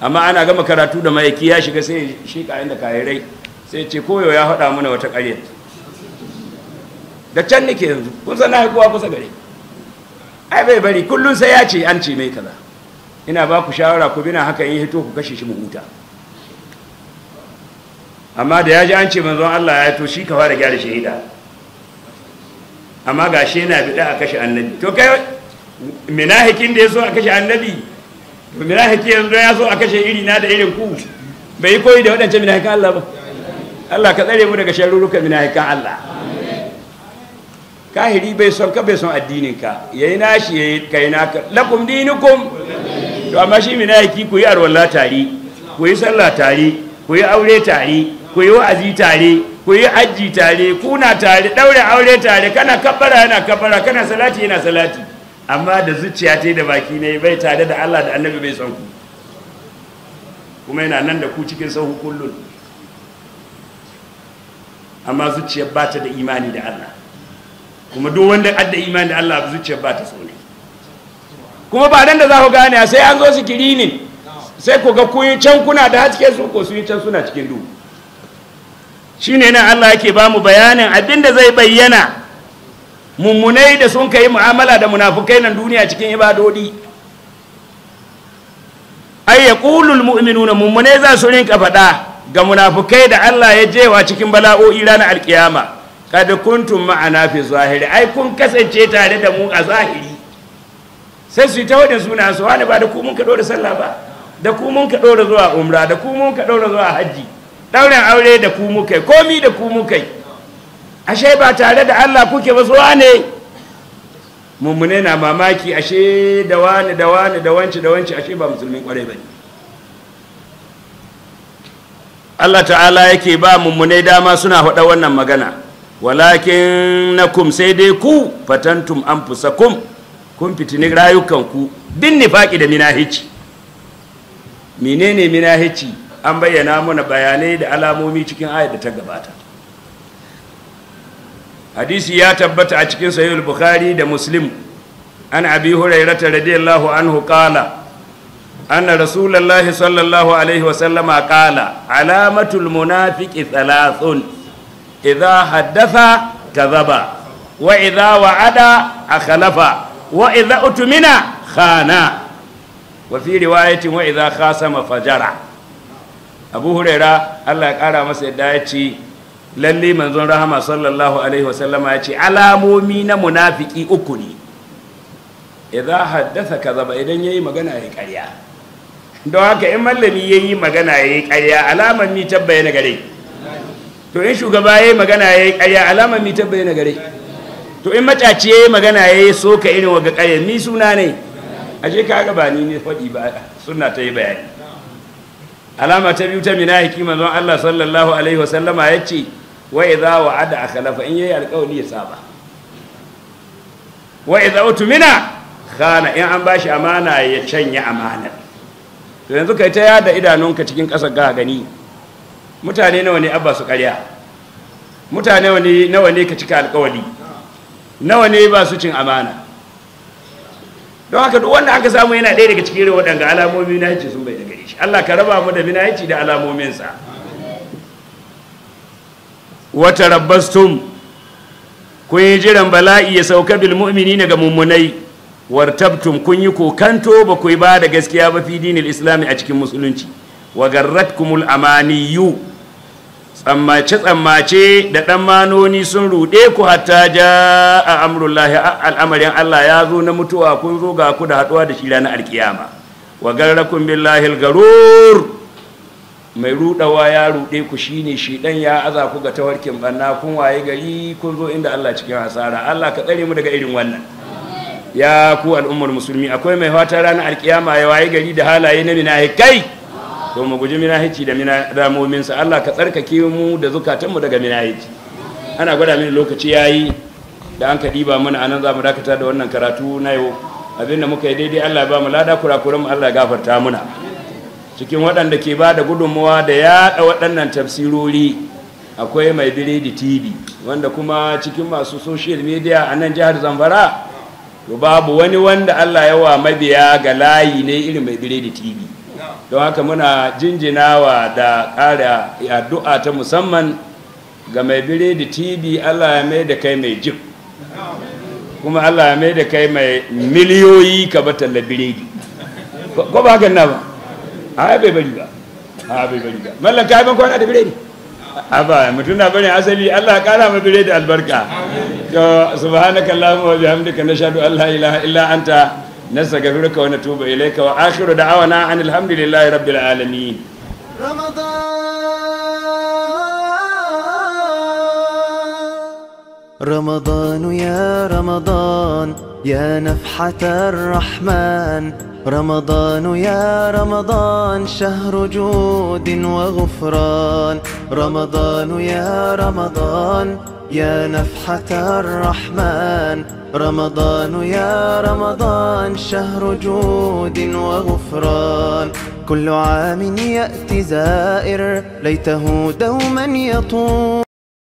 amma ana gama karatu da mayaki ya shiga sai shi ƙayan da kayarai sai ce koyo ya haɗa mana wata ƙarya da can nake yanzu kun san na haikuwa kusa gare ai bai bari kullum sai ya ce an ce mai kaza ina ba ku shawara ku bina haka in hito ku kashe shi mu huta amma da ya ji an ce manzon Allah ya to shi ka fara gyara shahida amma ga shi yana bida a kashe annabi to kai minahikin da ya so a kashe annabi to minahiki yanzu ya so a kashe iri na da irin ku bai yi koyi da waɗancan minahikan Allah ba Allah ka tsare mu daga sharurrukan minahikan Allah kahiri bai son ka bai son addininka yayi nashi yayi kai naka lakum dinukum to amma shi minahiki ku yi arwalla tare ku yi sallah tare ku yi aure tare ku yi wa'azi tare ku yi hajji tare kuna tare ɗaure aure tare kana kabbara yana kabbara kana salati yana salati amma da zuciya ta da baki ne bai tare da Allah da annabi bai san ku kuma yana nan da ku cikin sahu kullun amma zuciyar ba ta da imani da Allah kuma duk wanda adda imani da Allah zuciyar ba ta so ne kuma ba dan da za ku gane sai an zo sikirinin sai ku ga ku yi can kuna da haske su ko su yi can suna cikin duhu shi ne nan Allah yake ba mu bayanin abinda zai bayyana mummunai da sun kai mu'amala da munafukai nan duniya cikin ibadodi ay yaqulul mu'minuna mummunai za su rinka faɗa ga munafukai da Allah ya jewa cikin bala'o'i ranar alkiyama kad kuntum ma'ana fi zahiri ai kun kasance tare da mu a zahiri sai su yi ta wajen suna su wani ba da ku ka ɗora sallah ba da ku ka ɗora zuwa umra da ku mun ka ɗora zuwa hajji ɗaurin aure da ku muka komi da ku muka ashe ba tare da Allah kuke ba zuwa ne mummune na mamaki ashe da wani da wani da wanci da wanci ashe ba musulmin kwarai ba Allah ta'ala yake ba mummune dama suna faɗa wannan magana walakin kum sai dai ku fatantum kum kun fitini rayukanku bin nifaƙi da minahici menene minahici an bayyana mana bayanai da alamomi cikin ayat da ta gabata hadisi ya tabbata a cikin sahih bukhari da muslim an abi hurairata radiyallahu anhu qala anna rasulullahi sallallahu alaihi wa sallama qala alamatul munafiqi thalathun idha haddatha kadhaba wa idha wa'ada akhlafa wa idha utmina khana wa fi riwayatin wa idha khasama fajara abu huraira allah ya kara masa yadda ya ce lalle manzon rahama sallallahu alaihi wasallama ya ce alamomi na munafiki uku ne idan haddasa kaza ba idan ya yi magana ya yi karya don haka in mallami ya yi magana ya yi karya alamar mi tabbaye gare to in shugaba ya yi magana ya yi karya alamar mi tabbaye gare to in macaci yi magana ya yi soka irin waga karya mi suna ne aje kaga ba ni ne faɗi ba suna ta yi bayani alama ta biyu ta mina hikima Allah sallallahu alaihi wasallama ya ce wa ada a khalafa in yayi alƙawli ya saba za idza mina khana in an bashi amana ya canya amana to yanzu kai ta yada idanunka cikin ƙasar ga gani mutane nawa ne abba su karya mutane nawa ne ka cika alƙawali nawa ne ba su cin amana don haka duk wanda aka samu yana ɗaya daga cikin ɗanga alamomi na hajji sun bai daga shi Allah ka raba mu da binayanci da alamominsa wata rabbastum kun yi jiran bala'i ya sauka bil mu'minina ga mummunai wartabtum kun yi kokanto ba ku ba da gaskiya ba fi dinil islami a cikin musulunci wa garratkumul amaniyu tsammace tsammace da dan manoni sun rude ku hatta ja a amrullahi al'amarin Allah ya zo na mutuwa kun zo ga ku da haɗuwa da shi ranar alkiyama wa garrakum billahi garur mai rudawa ya rude ku shine shi dan ya aza ku ga tawarkin banna kun waye gari kun zo inda Allah cikin hasara Allah ka tsare mu daga irin wannan ya ku al'ummar musulmi akwai mai fata ranar alkiyama ya waye gari da halaye na kai to mu guji minahici da sa Allah ka tsarkake mu da zukatanmu daga minahici ana gwada mini lokaci yayi da an ka diba mana anan za mu dakata da wannan karatu na yau abinda muka yi daidai Allah ba mu lada kurakuran mu Allah ya gafarta muna cikin waɗanda ke ba da gudunmuwa da yaɗa waɗannan tafsirori akwai mai biredi tv wanda kuma cikin masu social media a nan jihar zamfara to babu wani wanda Allah ya wa mabiya ga layi ne irin mai biredi tv don haka muna jinjinawa da ƙara addu'a ta musamman ga mai biredi tv Allah ya mai da kai mai jib kuma Allah ya mai da kai mai miliyoyi ka ba tallabiregi ko ba hakan na ba a bai bari ba a bai bari ba mallan ka ban kwana da biredi a ba mutum na bari asali Allah kara ma biredi albarka to subhanaka allahumma wa bihamdika nashhadu an la ilaha illa anta nastaghfiruka wa natubu ilayka wa akhiru da'wana anil hamdulillahi rabbil alamin رمضان يا رمضان يا نفحة الرحمن رمضان يا رمضان شهر جود وغفران رمضان يا رمضان يا نفحة الرحمن رمضان يا رمضان شهر جود وغفران كل عام يأتي زائر ليته دوما يطول